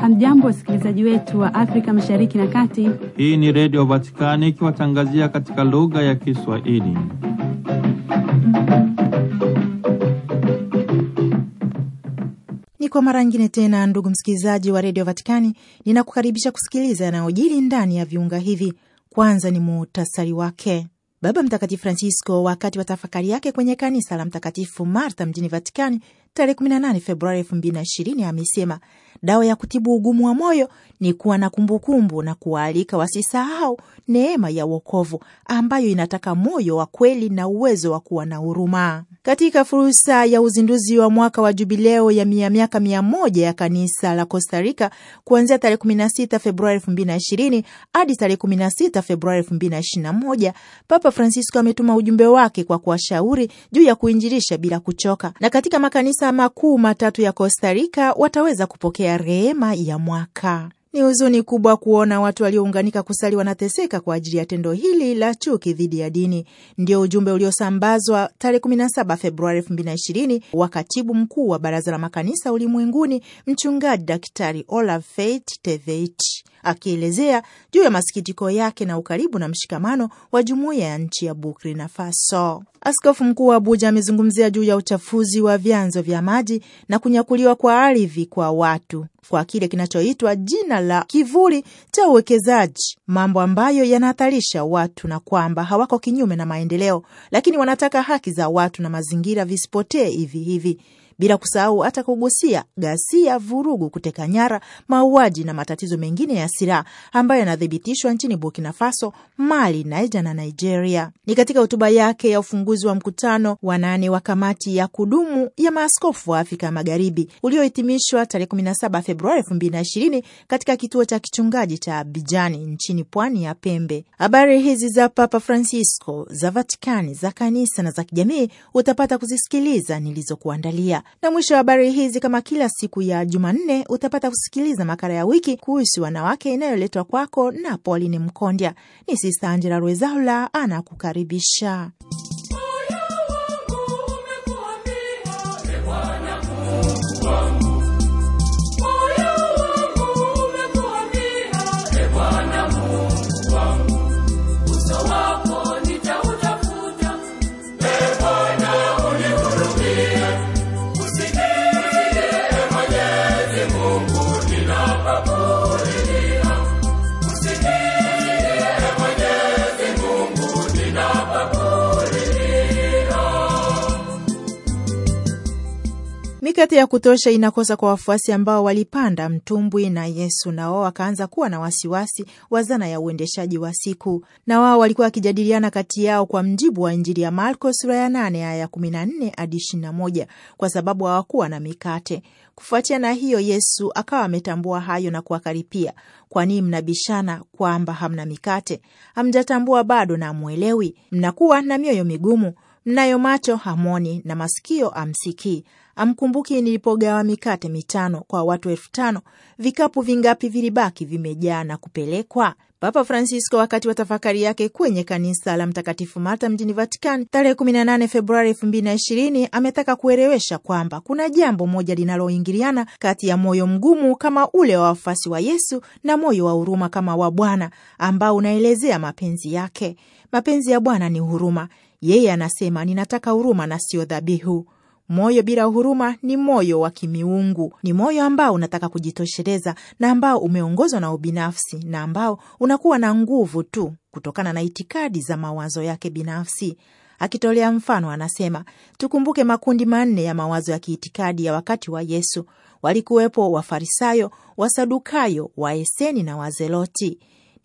Hamjambo, wasikilizaji wetu wa Afrika Mashariki na Kati. Hii ni Redio Vatikani ikiwatangazia katika lugha ya Kiswahili. Mm. Ni kwa mara nyingine tena, ndugu msikilizaji wa Redio Vatikani, ninakukaribisha kusikiliza yanayojiri ndani ya viunga hivi. Kwanza ni muhtasari wake. Baba Mtakatifu Francisco wakati wa tafakari yake kwenye kanisa la Mtakatifu Marta mjini Vatikani tarehe 18 Februari 2020 amesema Dawa ya kutibu ugumu wa moyo ni kuwa na kumbukumbu na kuwaalika wasisahau neema ya wokovu ambayo inataka moyo wa kweli na uwezo wa kuwa na huruma. Katika fursa ya uzinduzi wa mwaka wa jubileo ya mia miaka mia moja ya kanisa la Costa Rica kuanzia tarehe 16 Februari 2020 hadi tarehe 16 Februari 2021, Papa Francisco ametuma ujumbe wake kwa kuwashauri juu ya kuinjirisha bila kuchoka, na katika makanisa makuu matatu ya Costa Rica wataweza kupokea kupokea rehema ya mwaka. Ni huzuni kubwa kuona watu waliounganika kusali wanateseka kwa ajili ya tendo hili la chuki dhidi ya dini. Ndio ujumbe uliosambazwa tarehe 17 Februari 2020 wa katibu mkuu wa Baraza la Makanisa Ulimwenguni, Mchungaji Daktari Olaf Feit Teveit akielezea juu ya masikitiko yake na ukaribu na mshikamano wa jumuiya ya nchi ya Burkina Faso. Askofu mkuu wa Abuja amezungumzia juu ya uchafuzi wa vyanzo vya maji na kunyakuliwa kwa ardhi kwa watu kwa kile kinachoitwa jina la kivuli cha uwekezaji, mambo ambayo yanahatarisha watu na kwamba hawako kinyume na maendeleo, lakini wanataka haki za watu na mazingira visipotee hivi hivi bila kusahau hata kugusia ghasia, vurugu, kuteka nyara, mauaji na matatizo mengine ya silaha ambayo yanathibitishwa nchini Burkina Faso, Mali, Niger na Nigeria. Ni katika hotuba yake ya ufunguzi wa mkutano wa nane wa kamati ya kudumu ya maaskofu wa Afrika ya Magharibi uliohitimishwa tarehe 17 Februari 2020 katika kituo cha kichungaji cha Abijani nchini pwani ya Pembe. Habari hizi za Papa Francisco, za Vatikani, za kanisa na za kijamii utapata kuzisikiliza nilizokuandalia. Na mwisho wa habari hizi, kama kila siku ya Jumanne, utapata kusikiliza makala ya wiki kuhusu wanawake inayoletwa kwako na Pauline Mkondya. Ni Sista Angela Rwezaula anakukaribisha. mikate ya kutosha inakosa kwa wafuasi ambao walipanda mtumbwi na Yesu, na wao wakaanza kuwa na wasiwasi wa zana ya uendeshaji wa siku, na wao walikuwa wakijadiliana kati yao, kwa mjibu wa Injili ya Marko sura ya 8 aya ya 14 hadi 21, kwa sababu hawakuwa na mikate. Kufuatia na hiyo, Yesu akawa ametambua hayo na kuwakaripia, kwa nini mnabishana kwamba hamna mikate? Hamjatambua bado na hamwelewi? Mnakuwa na mioyo migumu. Mnayo macho hamwoni na masikio amsikii. Amkumbuki nilipogawa mikate mitano kwa watu elfu tano vikapu vingapi vilibaki vimejaa na kupelekwa? Papa Francisco wakati wa tafakari yake kwenye kanisa la Mtakatifu Marta mjini Vatikani tarehe 18 Februari 2020 ametaka kuelewesha kwamba kuna jambo moja linaloingiliana kati ya moyo mgumu kama ule wa wafuasi wa Yesu na moyo wa huruma kama wa Bwana ambao unaelezea mapenzi yake. Mapenzi ya Bwana ni huruma, yeye anasema ninataka huruma na sio dhabihu. Moyo bila huruma ni moyo wa kimiungu, ni moyo ambao unataka kujitosheleza na ambao umeongozwa na ubinafsi na ambao unakuwa na nguvu tu kutokana na itikadi za mawazo yake binafsi. Akitolea mfano, anasema tukumbuke makundi manne ya mawazo ya kiitikadi ya wakati wa Yesu. Walikuwepo Wafarisayo, Wasadukayo, Waeseni na Wazeloti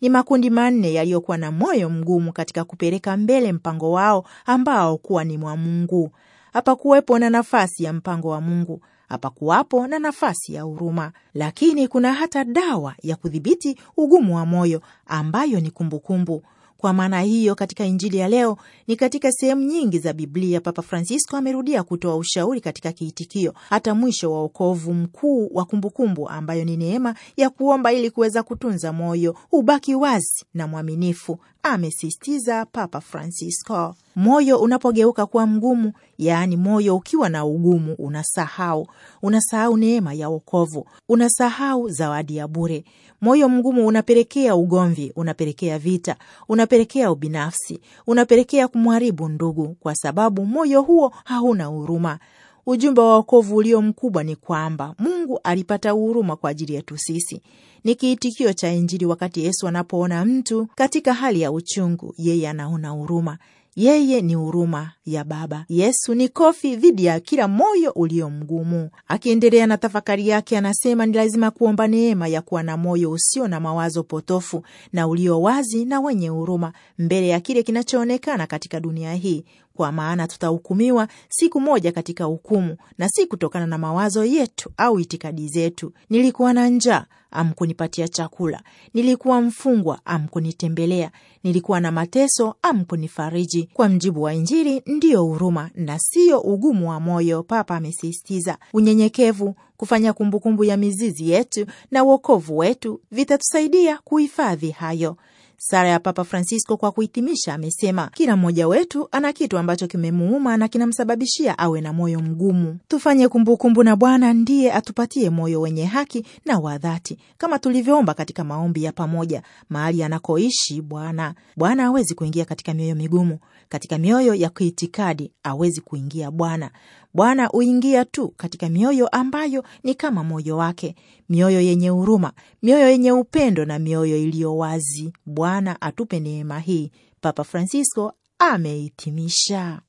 ni makundi manne yaliyokuwa na moyo mgumu katika kupeleka mbele mpango wao ambao kuwa ni mwa Mungu. Hapakuwepo na nafasi ya mpango wa Mungu, hapakuwapo na nafasi ya huruma, lakini kuna hata dawa ya kudhibiti ugumu wa moyo ambayo ni kumbukumbu kumbu. Kwa maana hiyo, katika Injili ya leo ni katika sehemu nyingi za Biblia Papa Francisco amerudia kutoa ushauri katika kiitikio hata mwisho wa wokovu mkuu wa kumbukumbu, ambayo ni neema ya kuomba ili kuweza kutunza moyo ubaki wazi na mwaminifu amesisitiza Papa Francisco. Moyo unapogeuka kuwa mgumu, yaani moyo ukiwa na ugumu, unasahau unasahau neema ya wokovu, unasahau zawadi ya bure. Moyo mgumu unapelekea ugomvi, unapelekea vita, unapelekea ubinafsi, unapelekea kumharibu ndugu, kwa sababu moyo huo hauna huruma. Ujumbe wa wokovu ulio mkubwa ni kwamba Mungu alipata huruma kwa ajili yetu sisi. Ni kiitikio cha Injili. Wakati Yesu anapoona mtu katika hali ya uchungu, yeye anaona huruma. Yeye ni huruma ya Baba. Yesu ni kofi dhidi ya kila moyo ulio mgumu. Akiendelea na tafakari yake, anasema ni lazima kuomba neema ya kuwa na moyo usio na mawazo potofu na ulio wazi na wenye huruma mbele ya kile kinachoonekana katika dunia hii, kwa maana tutahukumiwa siku moja katika hukumu, na si kutokana na mawazo yetu au itikadi zetu. Nilikuwa na njaa, amkunipatia chakula; nilikuwa mfungwa, amkunitembelea; nilikuwa na mateso, amkunifariji. Kwa mjibu wa Injili ndiyo huruma na siyo ugumu wa moyo. Papa amesisitiza unyenyekevu kufanya kumbukumbu ya mizizi yetu na wokovu wetu vitatusaidia kuhifadhi hayo. Sara ya Papa Francisco kwa kuhitimisha, amesema kila mmoja wetu ana kitu ambacho kimemuuma na kinamsababishia awe na moyo mgumu. Tufanye kumbukumbu kumbu, na Bwana ndiye atupatie moyo wenye haki na wa dhati, kama tulivyoomba katika maombi ya pamoja mahali anakoishi Bwana. Bwana hawezi kuingia katika mioyo migumu, katika mioyo ya kiitikadi hawezi kuingia Bwana. Bwana huingia tu katika mioyo ambayo ni kama moyo wake, mioyo yenye huruma, mioyo yenye upendo na mioyo iliyo wazi. Bwana atupe neema hii. Papa Francisco amehitimisha.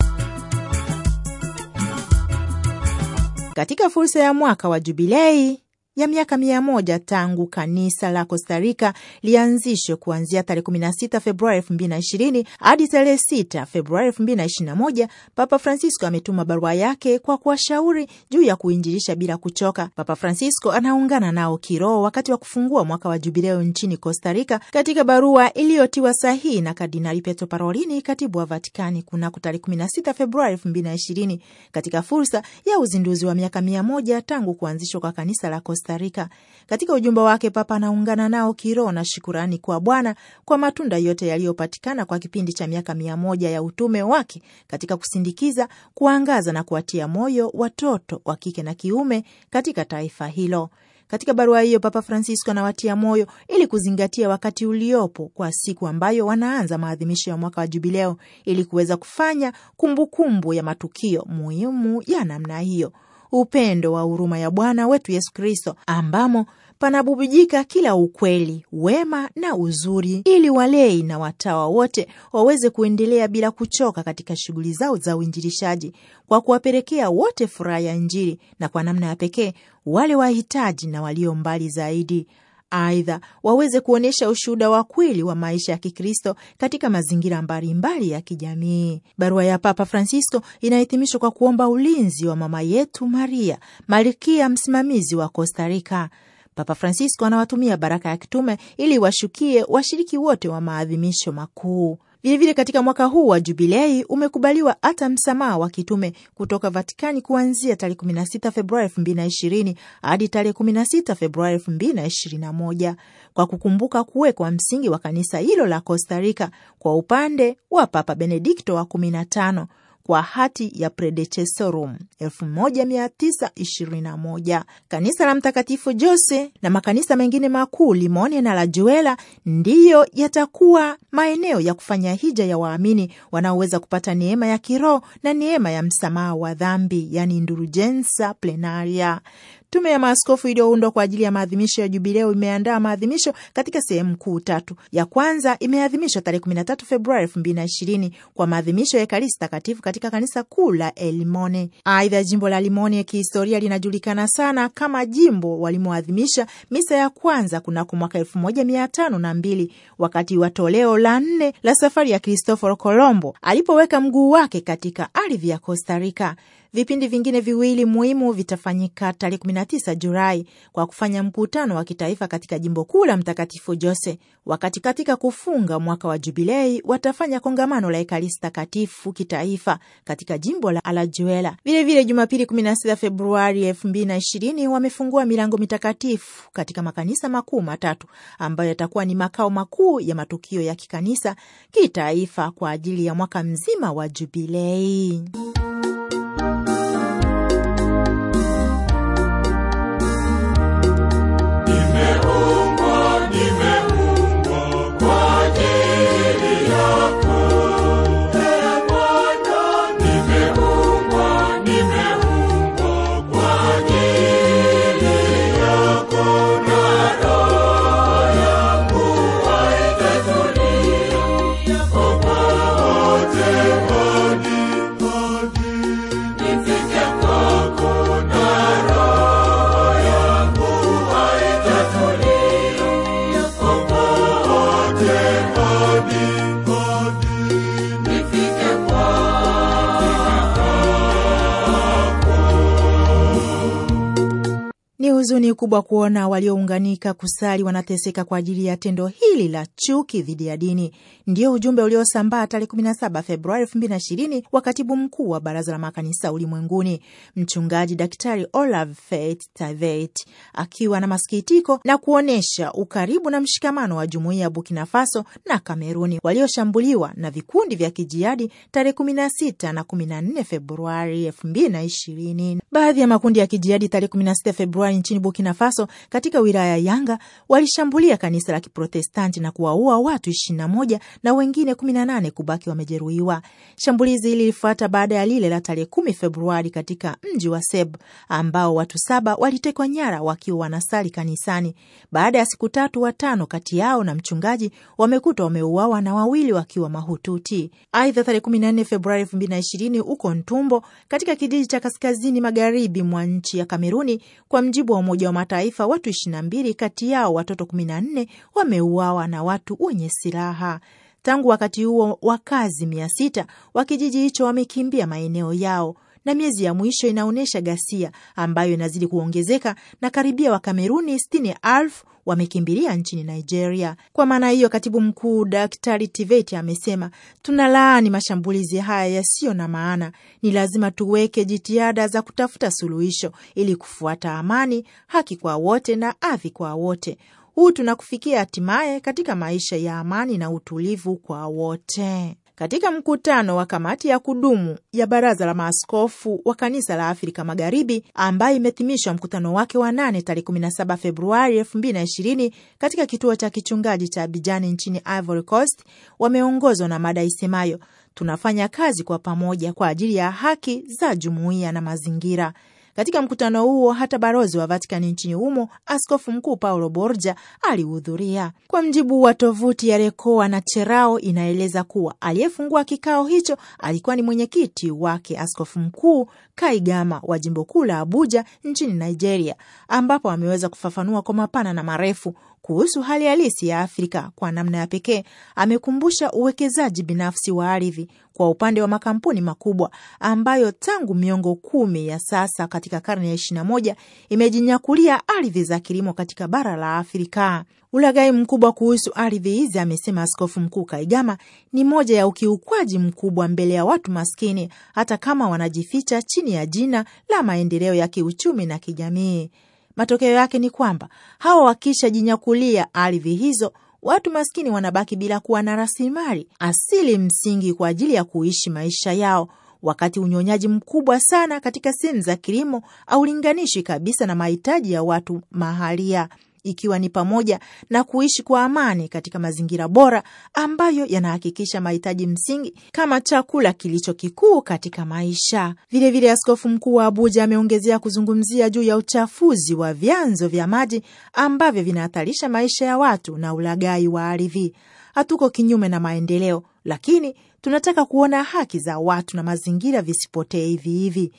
Katika fursa ya mwaka wa Jubilei ya miaka mia moja tangu kanisa la Costa Rica lianzishwe kuanzia tarehe 16 Februari 2020 hadi tarehe 6 Februari 2021, Papa Francisco ametuma barua yake kwa kuwashauri juu ya kuinjilisha bila kuchoka. Papa Francisco anaungana nao kiroho wakati wa kufungua mwaka wa jubileo nchini Costa Rica katika barua iliyotiwa sahihi na Kardinali petro Parolini, katibu wa Vatikani, kunako tarehe 16 Februari 2020 katika fursa ya uzinduzi wa miaka mia moja tangu kuanzishwa kwa kanisa la Costa Starika. Katika ujumbe wake, Papa anaungana nao kiroho na shukurani kwa Bwana kwa matunda yote yaliyopatikana kwa kipindi cha miaka mia moja ya utume wake katika kusindikiza, kuangaza na kuwatia moyo watoto wa kike na kiume katika taifa hilo. Katika barua hiyo Papa Francisco anawatia moyo ili kuzingatia wakati uliopo kwa siku ambayo wanaanza maadhimisho ya mwaka wa Jubileo ili kuweza kufanya kumbukumbu kumbu ya matukio muhimu ya namna hiyo upendo wa huruma ya Bwana wetu Yesu Kristo, ambamo panabubujika kila ukweli, wema na uzuri, ili walei na watawa wote waweze kuendelea bila kuchoka katika shughuli zao za uinjilishaji kwa kuwapelekea wote furaha ya Injili na kwa namna ya pekee wale wahitaji na walio mbali zaidi. Aidha, waweze kuonyesha ushuhuda wa kweli wa maisha ya Kikristo katika mazingira mbalimbali ya kijamii. Barua ya Papa Francisco inahitimishwa kwa kuomba ulinzi wa mama yetu Maria, malkia msimamizi wa Costa Rica. Papa Francisco anawatumia baraka ya kitume ili washukie washiriki wote wa maadhimisho makuu. Vilevile, katika mwaka huu wa jubilei umekubaliwa hata msamaha wa kitume kutoka Vatikani kuanzia tarehe 16 Februari 2020 hadi tarehe 16 Februari 2021 kwa kukumbuka kuwekwa msingi wa kanisa hilo la Costa Rica kwa upande wa Papa Benedikto wa 15 kwa hati ya Predecesorum 1921. Kanisa la Mtakatifu Jose na makanisa mengine makuu Limone na la Juela ndiyo yatakuwa maeneo ya kufanya hija ya waamini wanaoweza kupata neema ya kiroho na neema ya msamaha wa dhambi, yani indulgenza plenaria. Tume ya maaskofu iliyoundwa kwa ajili ya maadhimisho ya jubileo imeandaa maadhimisho katika sehemu kuu tatu. Ya kwanza imeadhimishwa tarehe 13 Februari 2020 kwa maadhimisho ya Ekaristi Takatifu katika kanisa kuu la Elimone. Aidha, jimbo la Limone kihistoria linajulikana sana kama jimbo walimoadhimisha misa ya kwanza kunako mwaka 1502 wakati wa toleo la nne la safari ya Kristoforo Kolombo alipoweka mguu wake katika ardhi ya Costa Rica. Vipindi vingine viwili muhimu vitafanyika tarehe 19 Julai kwa kufanya mkutano wa kitaifa katika jimbo kuu la Mtakatifu Jose, wakati katika kufunga mwaka wa Jubilei watafanya kongamano la Ekaristi Takatifu kitaifa katika jimbo la Alajuela. Vilevile Jumapili 16 Februari 2020 wamefungua milango mitakatifu katika makanisa makuu matatu ambayo yatakuwa ni makao makuu ya matukio ya kikanisa kitaifa kwa ajili ya mwaka mzima wa Jubilei. kubwa kuona waliounganika kusali wanateseka kwa ajili ya tendo hili la chuki dhidi ya dini. Ndio ujumbe uliosambaa tarehe 17 Februari 2020 wa katibu mkuu wa Baraza la Makanisa Ulimwenguni, Mchungaji Daktari Olav Fet Tavet, akiwa na masikitiko na kuonyesha ukaribu na mshikamano wa jumuiya ya Burkina Faso na Kameruni walioshambuliwa na vikundi vya kijihadi tarehe 16 na 14 Februari 2020. Baadhi ya makundi ya kijihadi tarehe 16 Februari nchini Burkina Burkina Faso katika wilaya ya Yanga walishambulia kanisa la Kiprotestanti na kuwaua watu 21 na wengine 18 kubaki wamejeruhiwa. Shambulizi hili lilifuata baada ya lile la tarehe 10 Februari katika mji wa Seb ambao watu saba walitekwa nyara wakiwa wanasali kanisani. Baada ya siku tatu, watano kati yao na mchungaji wamekutwa wameuawa na wawili wakiwa mahututi. Aidha, tarehe 14 Februari 2020 huko Ntumbo katika kijiji cha kaskazini magharibi mwa nchi ya Kameruni, kwa mjibu wa Umoja wa Mataifa watu 22 kati yao watoto 14 wameuawa na watu wenye silaha. Tangu wakati huo wakazi mia sita wa kijiji hicho wamekimbia maeneo yao, na miezi ya mwisho inaonyesha ghasia ambayo inazidi kuongezeka na karibia Wakameruni sitini elfu wamekimbilia nchini Nigeria. Kwa maana hiyo, katibu mkuu Daktari Tiveti amesema tunalaani mashambulizi haya yasiyo na maana. Ni lazima tuweke jitihada za kutafuta suluhisho ili kufuata amani, haki kwa wote na ardhi kwa wote. Huu tunakufikia hatimaye katika maisha ya amani na utulivu kwa wote katika mkutano wa kamati ya kudumu ya baraza la maaskofu wa kanisa la Afrika Magharibi ambayo imethimishwa mkutano wake wa nane tarehe 17 Februari 2020 katika kituo cha kichungaji cha Abijani nchini Ivory Coast, wameongozwa na mada isemayo tunafanya kazi kwa pamoja kwa ajili ya haki za jumuiya na mazingira. Katika mkutano huo hata balozi wa Vatikani nchini humo Askofu Mkuu Paulo Borja alihudhuria. Kwa mjibu wa tovuti ya Rekoa na Cherao, inaeleza kuwa aliyefungua kikao hicho alikuwa ni mwenyekiti wake Askofu Mkuu Kaigama wa jimbo kuu la Abuja nchini Nigeria, ambapo ameweza kufafanua kwa mapana na marefu kuhusu hali halisi ya Afrika kwa namna ya pekee amekumbusha uwekezaji binafsi wa ardhi kwa upande wa makampuni makubwa ambayo tangu miongo kumi ya sasa katika karne ya moja imejinyakulia ardhi za kilimo katika bara la Afrika. ulagai mkubwa kuhusu ardhi hizi, amesema Askofu Mkuu Kaigama, ni moja ya ukiukwaji mkubwa mbele ya watu maskini, hata kama wanajificha chini ya jina la maendeleo ya kiuchumi na kijamii. Matokeo yake ni kwamba hawa wakishajinyakulia ardhi hizo, watu maskini wanabaki bila kuwa na rasilimali asili msingi kwa ajili ya kuishi maisha yao, wakati unyonyaji mkubwa sana katika sehemu za kilimo haulinganishi kabisa na mahitaji ya watu mahalia ikiwa ni pamoja na kuishi kwa amani katika mazingira bora ambayo yanahakikisha mahitaji msingi kama chakula kilicho kikuu katika maisha. Vilevile vile askofu mkuu wa Abuja ameongezea kuzungumzia juu ya uchafuzi wa vyanzo vya maji ambavyo vinahatarisha maisha ya watu na ulagai wa ardhi. Hatuko kinyume na maendeleo, lakini tunataka kuona haki za watu na mazingira visipotee hivi hivi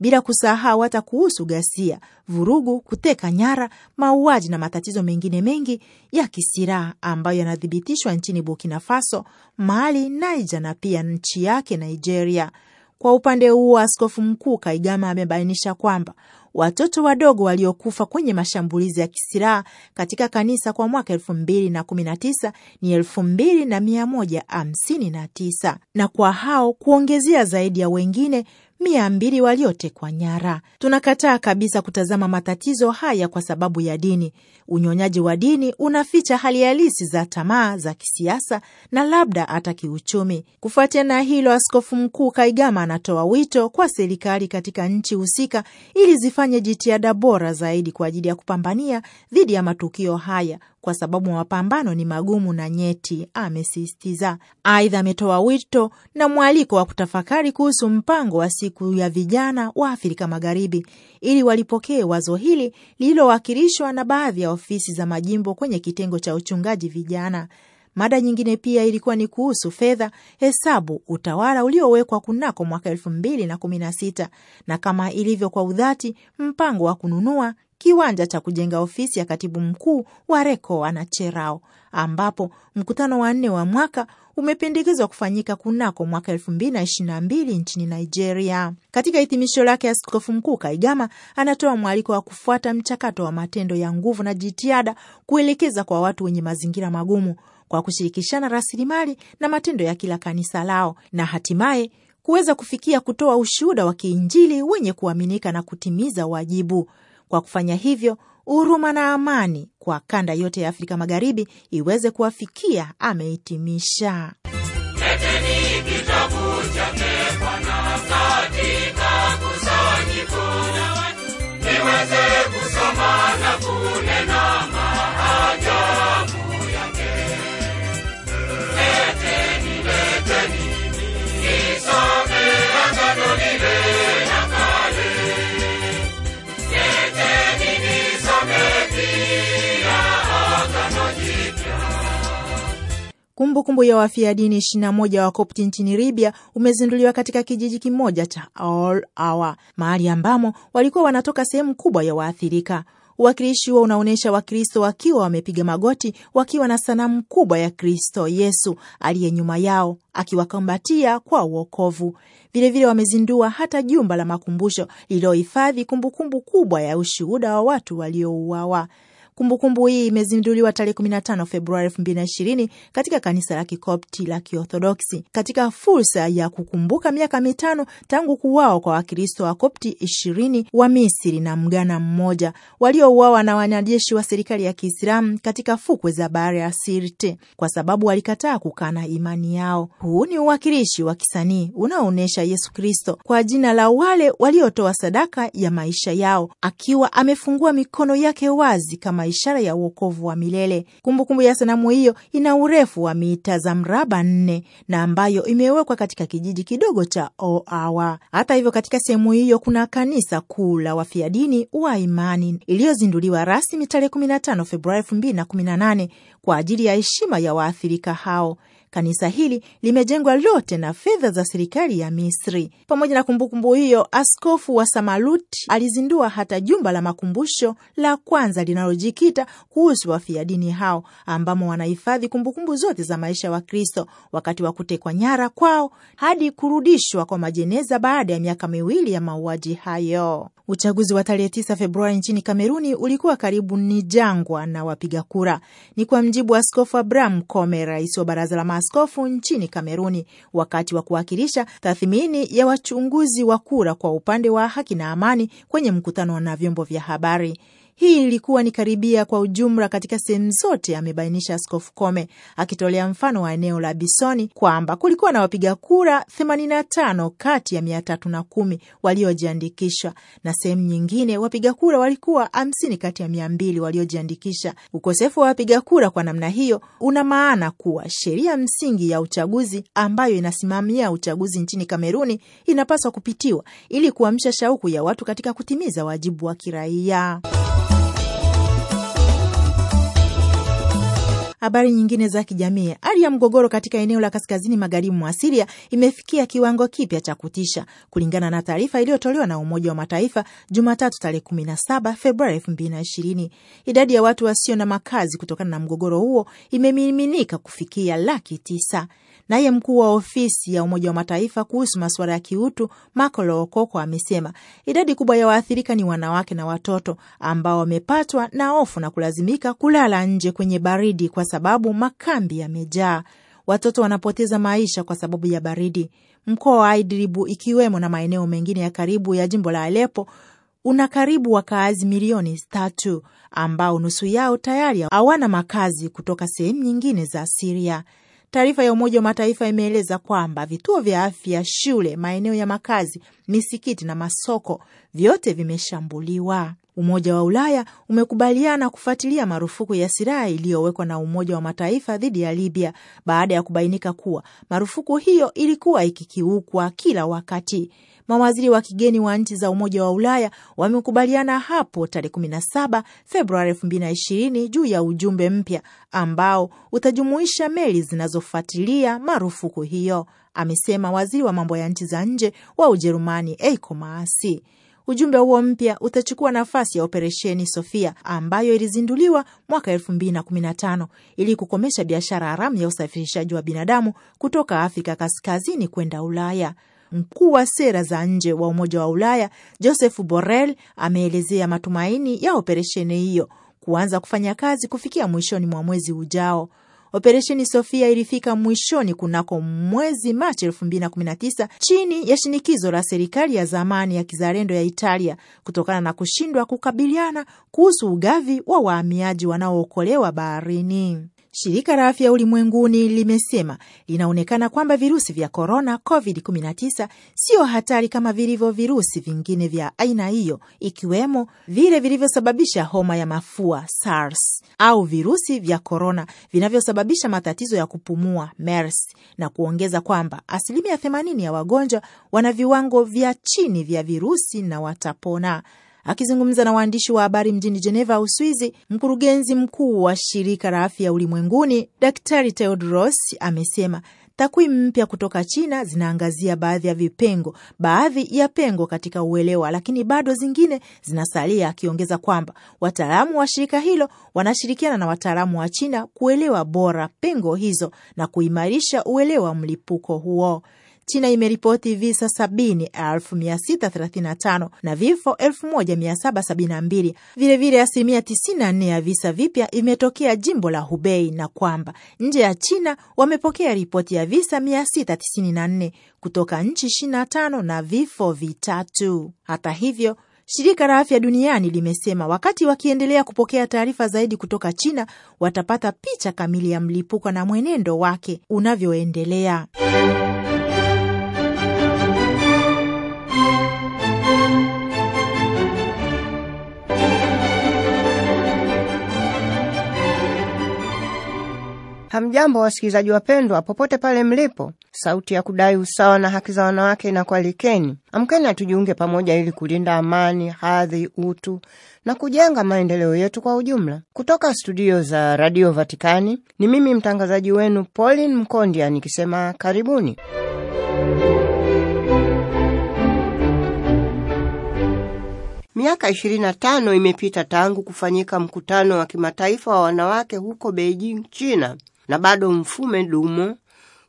bila kusahau hata kuhusu ghasia, vurugu, kuteka nyara, mauaji na matatizo mengine mengi ya kisiraha ambayo yanathibitishwa nchini Burkina Faso, Mali, Niger na pia nchi yake Nigeria. Kwa upande huo, Askofu Mkuu Kaigama amebainisha kwamba watoto wadogo waliokufa kwenye mashambulizi ya kisiraha katika kanisa kwa mwaka elfu mbili na kumi na tisa ni elfu mbili na mia moja hamsini na tisa na kwa hao kuongezea zaidi ya wengine mia mbili waliotekwa nyara. Tunakataa kabisa kutazama matatizo haya kwa sababu ya dini. Unyonyaji wa dini unaficha hali halisi za tamaa za kisiasa na labda hata kiuchumi. Kufuatia na hilo, Askofu Mkuu Kaigama anatoa wito kwa serikali katika nchi husika ili zifanye jitihada bora zaidi kwa ajili ya kupambania dhidi ya matukio haya kwa sababu mapambano ni magumu na nyeti, amesisitiza. Aidha, ametoa wito na mwaliko wa kutafakari kuhusu mpango wa siku ya vijana wa Afrika Magharibi ili walipokee wazo hili lililowakilishwa na baadhi ya ofisi za majimbo kwenye kitengo cha uchungaji vijana. Mada nyingine pia ilikuwa ni kuhusu fedha, hesabu, utawala uliowekwa kunako mwaka elfu mbili na kumi na sita na kama ilivyo kwa udhati, mpango wa kununua kiwanja cha kujenga ofisi ya katibu mkuu wa RECOA na CHERAO, ambapo mkutano wa nne wa mwaka umependekezwa kufanyika kunako mwaka elfu mbili na na mbili nchini Nigeria. Katika hitimisho lake, Askofu Mkuu Kaigama anatoa mwaliko wa kufuata mchakato wa matendo ya nguvu na jitihada kuelekeza kwa watu wenye mazingira magumu kwa kushirikishana rasilimali na matendo ya kila kanisa lao na hatimaye kuweza kufikia kutoa ushuhuda wa kiinjili wenye kuaminika na kutimiza wajibu kwa kufanya hivyo, huruma na amani kwa kanda yote ya Afrika Magharibi iweze kuwafikia, amehitimisha. Kumbukumbu kumbu ya wafia dini 21 wa Kopti nchini Libya umezinduliwa katika kijiji kimoja cha All Awa, mahali ambamo walikuwa wanatoka sehemu kubwa ya waathirika. Uwakilishi huo unaonyesha Wakristo wakiwa wamepiga magoti, wakiwa na sanamu kubwa ya Kristo Yesu aliye nyuma yao akiwakambatia kwa uokovu. Vilevile wamezindua hata jumba la makumbusho lililohifadhi kumbukumbu kubwa ya ushuhuda wa watu waliouawa. Kumbukumbu hii imezinduliwa tarehe 15 Februari 2020 katika kanisa la kikopti la Kiorthodoksi katika fursa ya kukumbuka miaka mitano tangu kuwawa kwa Wakristo wa Kopti ishirini wa Misri na Mgana mmoja waliouawa na wanajeshi wa serikali ya Kiislamu katika fukwe za bahari ya Sirte kwa sababu walikataa kukana imani yao. Huu ni uwakilishi wa kisanii unaoonyesha Yesu Kristo kwa jina la wale waliotoa sadaka ya maisha yao akiwa amefungua mikono yake wazi kama ishara ya uokovu wa milele. Kumbukumbu ya sanamu hiyo ina urefu wa mita za mraba nne na ambayo imewekwa katika kijiji kidogo cha Oawa. Hata hivyo, katika sehemu hiyo kuna kanisa kuu la wafiadini wa imani iliyozinduliwa rasmi tarehe 15 Februari 2018 kwa ajili ya heshima ya waathirika hao. Kanisa hili limejengwa lote na fedha za serikali ya Misri. Pamoja na kumbukumbu hiyo, askofu wa Samalut alizindua hata jumba la makumbusho la kwanza linalojikita kuhusu wafia dini hao, ambamo wanahifadhi kumbukumbu zote za maisha wa Kristo wakati wa kutekwa nyara kwao hadi kurudishwa kwa majeneza baada ya miaka miwili ya mauaji hayo. Uchaguzi wa tarehe 9 Februari nchini Kameruni ulikuwa karibu ni jangwa na wapiga kura, ni kwa mjibu wa askofu Abraham Kome, rais wa baraza la maaskofu nchini Kameruni wakati wa kuwakilisha tathmini ya wachunguzi wa kura kwa upande wa haki na amani kwenye mkutano na vyombo vya habari. Hii ilikuwa ni karibia kwa ujumla katika sehemu zote, amebainisha Askofu Kome akitolea mfano wa eneo la Bisoni kwamba kulikuwa na wapiga kura 85 kati ya 310 waliojiandikisha, na sehemu nyingine wapiga kura walikuwa 50 kati ya 200 waliojiandikisha. Ukosefu wa wapiga kura kwa namna hiyo una maana kuwa sheria msingi ya uchaguzi ambayo inasimamia uchaguzi nchini Kameruni inapaswa kupitiwa ili kuamsha shauku ya watu katika kutimiza wajibu wa kiraia. Habari nyingine za kijamii, hali ya mgogoro katika eneo la kaskazini magharibi mwa Siria imefikia kiwango kipya cha kutisha kulingana na taarifa iliyotolewa na Umoja wa Mataifa Jumatatu tarehe 17 Februari 2020. Idadi ya watu wasio na makazi kutokana na mgogoro huo imemiminika kufikia laki tisa. Naye mkuu wa ofisi ya Umoja wa Mataifa kuhusu masuala ya kiutu Marco Lookoko amesema idadi kubwa ya waathirika ni wanawake na watoto ambao wamepatwa na hofu na kulazimika kulala nje kwenye baridi kwa sababu makambi yamejaa. Watoto wanapoteza maisha kwa sababu ya baridi. Mkoa wa idribu ikiwemo na maeneo mengine ya karibu ya jimbo la Alepo una karibu wakaazi milioni tatu ambao nusu yao tayari hawana makazi kutoka sehemu nyingine za Siria. Taarifa ya Umoja wa Mataifa imeeleza kwamba vituo vya afya, shule, maeneo ya makazi, misikiti na masoko vyote vimeshambuliwa. Umoja wa Ulaya umekubaliana kufuatilia marufuku ya silaha iliyowekwa na Umoja wa Mataifa dhidi ya Libya baada ya kubainika kuwa marufuku hiyo ilikuwa ikikiukwa kila wakati. Mawaziri wa kigeni wa nchi za Umoja wa Ulaya wamekubaliana hapo tarehe 17 Februari 2020 juu ya ujumbe mpya ambao utajumuisha meli zinazofuatilia marufuku hiyo, amesema waziri wa mambo ya nchi za nje wa Ujerumani Eiko Maasi. Ujumbe huo mpya utachukua nafasi ya Operesheni Sofia ambayo ilizinduliwa mwaka elfu mbili na kumi na tano ili kukomesha biashara haramu ya usafirishaji wa binadamu kutoka Afrika kaskazini kwenda Ulaya. Mkuu wa sera za nje wa Umoja wa Ulaya Joseph Borrell ameelezea matumaini ya operesheni hiyo kuanza kufanya kazi kufikia mwishoni mwa mwezi ujao. Operesheni Sofia ilifika mwishoni kunako mwezi Machi 2019 chini ya shinikizo la serikali ya zamani ya kizalendo ya Italia kutokana na kushindwa kukabiliana kuhusu ugavi wa wahamiaji wanaookolewa baharini. Shirika la Afya Ulimwenguni limesema linaonekana kwamba virusi vya korona COVID-19 sio hatari kama vilivyo virusi vingine vya aina hiyo, ikiwemo vile vilivyosababisha homa ya mafua SARS, au virusi vya korona vinavyosababisha matatizo ya kupumua MERS, na kuongeza kwamba asilimia 80 ya wagonjwa wana viwango vya chini vya virusi na watapona. Akizungumza na waandishi wa habari mjini Jeneva, Uswizi, mkurugenzi mkuu wa shirika la afya ulimwenguni Daktari Tedros amesema takwimu mpya kutoka China zinaangazia baadhi ya vipengo, baadhi ya pengo katika uelewa, lakini bado zingine zinasalia, akiongeza kwamba wataalamu wa shirika hilo wanashirikiana na wataalamu wa China kuelewa bora pengo hizo na kuimarisha uelewa wa mlipuko huo. China imeripoti visa 70,635 na vifo 1,772. Vilevile, asilimia 94 ya visa vipya imetokea jimbo la Hubei, na kwamba nje ya China wamepokea ripoti ya visa 694 kutoka nchi 25 na vifo vitatu. Hata hivyo Shirika la Afya Duniani limesema wakati wakiendelea kupokea taarifa zaidi kutoka China watapata picha kamili ya mlipuko na mwenendo wake unavyoendelea. Hamjambo, wasikilizaji wapendwa, popote pale mlipo. Sauti ya kudai usawa na haki za wanawake inakualikeni. Amkeni atujiunge pamoja ili kulinda amani, hadhi, utu na kujenga maendeleo yetu kwa ujumla. Kutoka studio za Radio Vatikani ni mimi mtangazaji wenu Pauline Mkondia nikisema karibuni. Miaka 25 imepita tangu kufanyika mkutano wa kimataifa wa wanawake huko Beijing, China na bado mfume dumo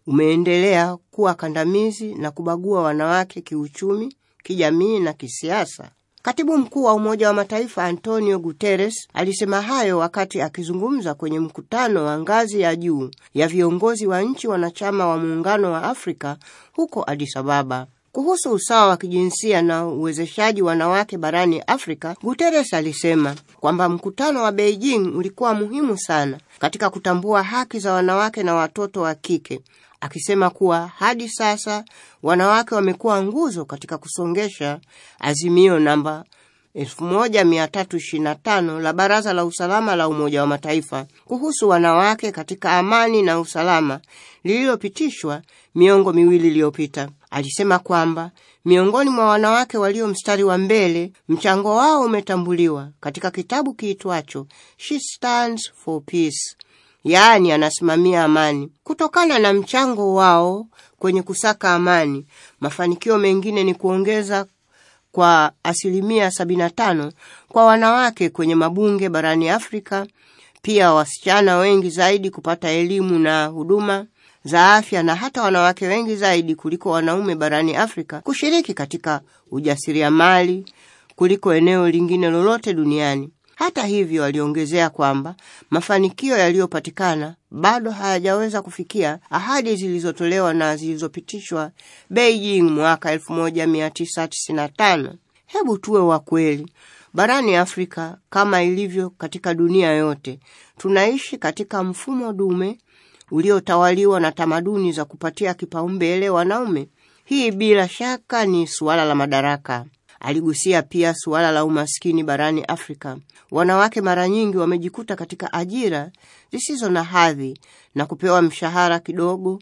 umeendelea kuwa kandamizi na kubagua wanawake kiuchumi, kijamii na kisiasa. Katibu mkuu wa Umoja wa Mataifa Antonio Guterres alisema hayo wakati akizungumza kwenye mkutano wa ngazi ya juu ya viongozi wa nchi wanachama wa Muungano wa Afrika huko Addis Ababa. Kuhusu usawa wa kijinsia na uwezeshaji wanawake barani Afrika, Guterres alisema kwamba mkutano wa Beijing ulikuwa muhimu sana katika kutambua haki za wanawake na watoto wa kike, akisema kuwa hadi sasa wanawake wamekuwa nguzo katika kusongesha azimio namba 1325 la Baraza la Usalama la Umoja wa Mataifa kuhusu wanawake katika amani na usalama lililopitishwa miongo miwili iliyopita. Alisema kwamba miongoni mwa wanawake walio mstari wa mbele, mchango wao umetambuliwa katika kitabu kiitwacho She Stands for Peace, yaani anasimamia amani. Kutokana na mchango wao kwenye kusaka amani, mafanikio mengine ni kuongeza kwa asilimia 75 kwa wanawake kwenye mabunge barani Afrika, pia wasichana wengi zaidi kupata elimu na huduma za afya na hata wanawake wengi zaidi kuliko wanaume barani Afrika kushiriki katika ujasiriamali kuliko eneo lingine lolote duniani. Hata hivyo, aliongezea kwamba mafanikio yaliyopatikana bado hayajaweza kufikia ahadi zilizotolewa na zilizopitishwa Beijing mwaka 1995. Hebu tuwe wa kweli. Barani Afrika kama ilivyo katika dunia yote, tunaishi katika mfumo dume uliotawaliwa na tamaduni za kupatia kipaumbele wanaume. Hii bila shaka ni suala la madaraka. Aligusia pia suala la umaskini barani Afrika. Wanawake mara nyingi wamejikuta katika ajira zisizo na hadhi na kupewa mshahara kidogo,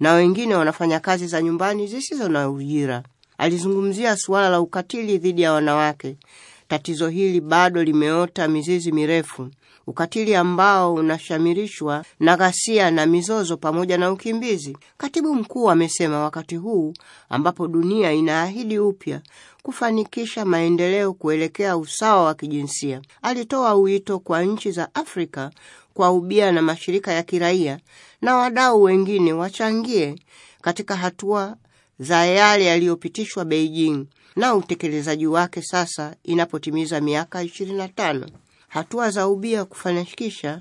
na wengine wanafanya kazi za nyumbani zisizo na ujira. Alizungumzia suala la ukatili dhidi ya wanawake. Tatizo hili bado limeota mizizi mirefu ukatili ambao unashamirishwa na ghasia na mizozo pamoja na ukimbizi. Katibu mkuu amesema wakati huu ambapo dunia inaahidi upya kufanikisha maendeleo kuelekea usawa wa kijinsia, alitoa wito kwa nchi za Afrika kwa ubia na mashirika ya kiraia na wadau wengine wachangie katika hatua za yale yaliyopitishwa Beijing na utekelezaji wake sasa inapotimiza miaka 25 hatua za ubia kufanikisha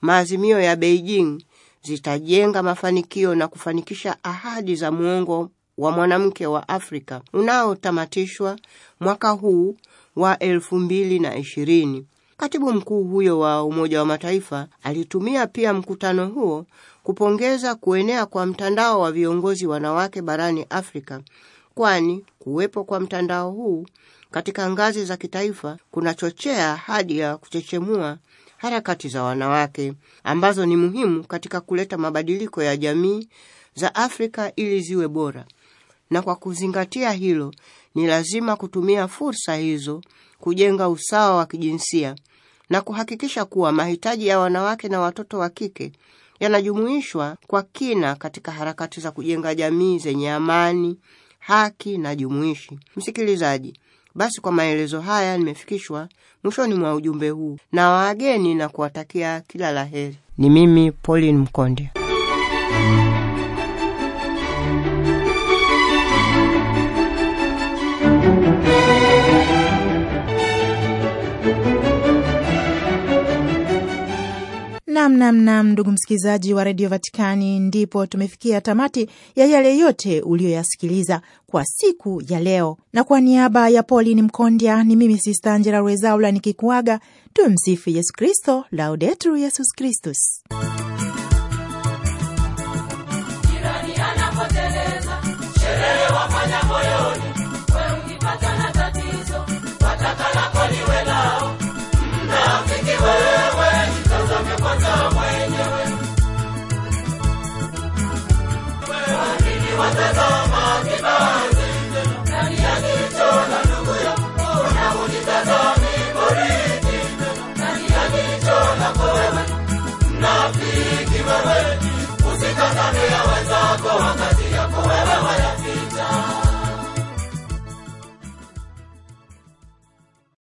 maazimio ya Beijing zitajenga mafanikio na kufanikisha ahadi za muongo wa mwanamke wa Afrika unaotamatishwa mwaka huu wa elfu mbili na ishirini. Katibu mkuu huyo wa Umoja wa Mataifa alitumia pia mkutano huo kupongeza kuenea kwa mtandao wa viongozi wanawake barani Afrika, kwani kuwepo kwa mtandao huu katika ngazi za kitaifa kunachochea hadi ya kuchechemua harakati za wanawake ambazo ni muhimu katika kuleta mabadiliko ya jamii za Afrika ili ziwe bora. Na kwa kuzingatia hilo, ni lazima kutumia fursa hizo kujenga usawa wa kijinsia na kuhakikisha kuwa mahitaji ya wanawake na watoto wa kike yanajumuishwa kwa kina katika harakati za kujenga jamii zenye amani, haki na jumuishi. Msikilizaji, basi kwa maelezo haya nimefikishwa mwishoni mwa ujumbe huu, na wageni na kuwatakia kila la heri. Ni mimi Pauline Mkonde. Namnamnam, ndugu msikilizaji wa redio Vatikani, ndipo tumefikia tamati ya yale yote uliyoyasikiliza kwa siku ya leo, na kwa niaba ya Pauline Mkondya ni mimi Sista Angela Rezaula nikikuaga. Tumsifu Yesu Kristo, Laudetur Yesus Kristus. Rafiki wewe, usikatane ya wenzako wakati